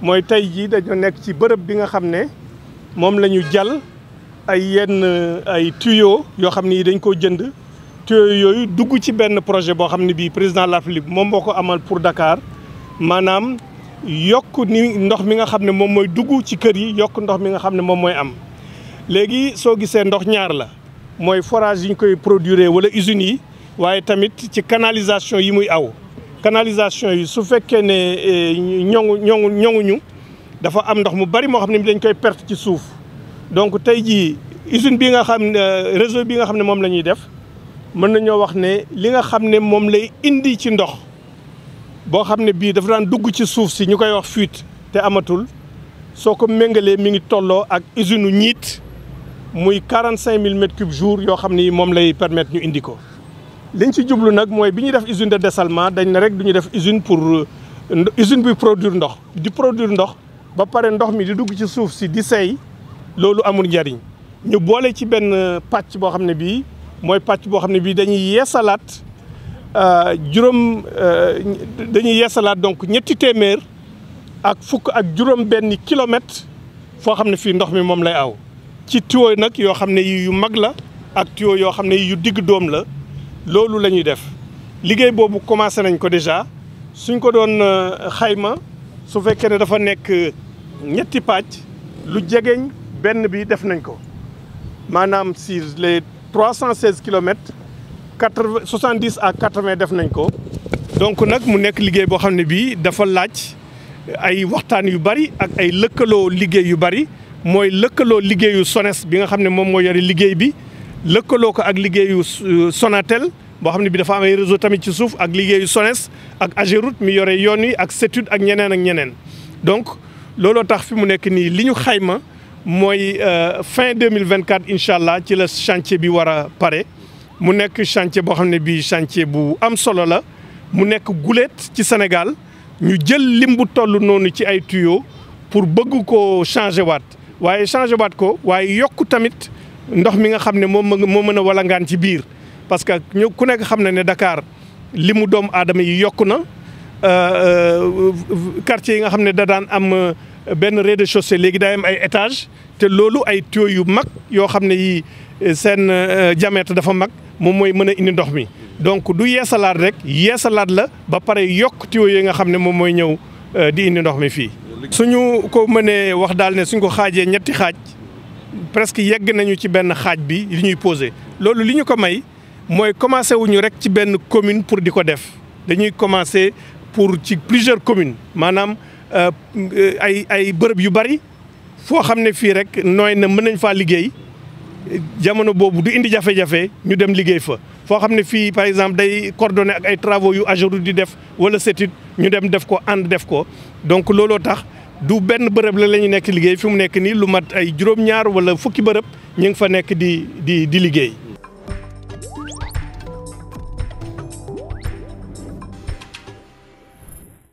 mooy tey jii dañoo nekk ci bërëb bi nga xam ne moom la ñu jàll ay yenn ay tuyaux yoo xam ne yi dañ koo jënd tuyaux yooyu dugg ci benn projet boo xam ne bii président la République moom moo ko amal pour dakaar maanaam yokk ni ndox mi nga xam ne moom mooy dugg ci kër yi yokk ndox mi nga xam ne moom mooy am léegi soo gisee ndox ñaar la mooy forage yi ñu koy produire wala usines yi waaye tamit ci canalisation yi muy aw kanalisation yi su fekkee ne eh, ñoŋu ñoŋu ñoŋuñu dafa am ndox mu bari moo xam ne dañ koy perte ci suuf donc tey jii usine bii nga xam ne eh, réseau bi nga xam ne moom la ñuy def mën nañoo wax ne li nga xam ne moom lay indi ci ndox boo xam ne bii dafa daan dugg ci suuf si ñu koy wax fuite te amatul soo ko méngalee mi ngi tolloo ak usine u ñiit muy quarante cinq mille mètres cubes jour yoo xam ne moom lay permettre ñu indi ko liñ ci jublu nag mooy bi ñuy def usine de dessalement dañ ne rek du ñu def usine pour euh, usine bi produire ndox di produire ndox ba pare ndox mi di dugg ci suuf si di seey loolu amul njariñ ñu boole ci benn pàcc boo xam ne bii mooy pàcc boo xam ne bii dañuy yeesalaat euh, juróom euh, dañuy yeesalaat donc ñetti téeméer ak fukk ak juróom benn kilomètre foo xam ne fii ndox mi moom lay aw ci tuyau nag yoo xam ne yu mag la ak tuyau yoo xam ne yu digg doom la loolu la ñuy def liggéey boobu commencé nañ ko déjà suñ ko doon euh, xayma su fekkee ne dafa nekk euh, ñetti pàcc lu jegeñ benn bi def nañ ko maanaam si les trois cent seize kilomètres quatre soixante dix a quatre def nañ ko. donc nag mu nekk liggéey boo xam ne bii dafa laaj euh, ay waxtaan yu bari ak ay lëkkaloo liggéey yu bari mooy lëkkaloo liggéeyu SONES bi nga xam ne moom moo yore liggéey bi. lëkkaloo ko ak liggéeyu euh, Sonatel boo xam ne bi dafa am ay réseau tamit ci suuf ak liggéeyu SONES ak Ageroute mi yore yoon yi ak CETUD ak ñeneen ak ñeneen donc looloo tax fi mu nekk nii li ñu xayma mooy euh, fin 2024 incha allah ci la chantier bi war a pare mu nekk chantier boo xam ne bii chantier bu am solo la mu nekk guléet ci Sénégal ñu jël lim bu toll noonu ci ay tuyaux pour bëgg ko changé waat waaye changé waat ko waaye yokku tamit ndox mi nga xam ne moom moo mën a ngaan ci biir parce que ñu ku nekk xam na ne dakaar li mu doomu aadama yi yokk na euh, euh, quartier yi nga xam ne da daan am euh, benn rez de léegi day am ay étage te loolu ay tuyaux yu mag yoo xam ne yi seen diamètre dafa mag moom mooy mën a indi ndox mi donc du yeesa yeesalaat rek yeesa laat la ba pare yokk tuyaux yi nga xam ne moom mooy ñëw di indi ndox mi fii su ñu ko mënee wax daal ne suñ ko xaajee ñetti xaaj presque yegg nañu ci benn xaaj bi li ñuy posé loolu li ñu ko may mooy commencé wuñu rek ci benn commune pour di ko def dañuy commencé pour ci plusieurs communes maanaam euh, ay ay bërëb yu bari foo xam ne fii rek nooy na mën nañ faa liggéey jamono boobu du indi jafe-jafe ñu dem liggéey fo foo xam ne fii par exemple day coordonné ak ay travaux yu AGEROUTE di def wala CETUD ñu dem def ko ànd def ko donc looloo tax du benn bërëb la la ñu nekk liggéey fi mu nekk nii lu mat ay juróom-ñaar wala fukki bërëb ñu ngi fa nekk di di di liggéey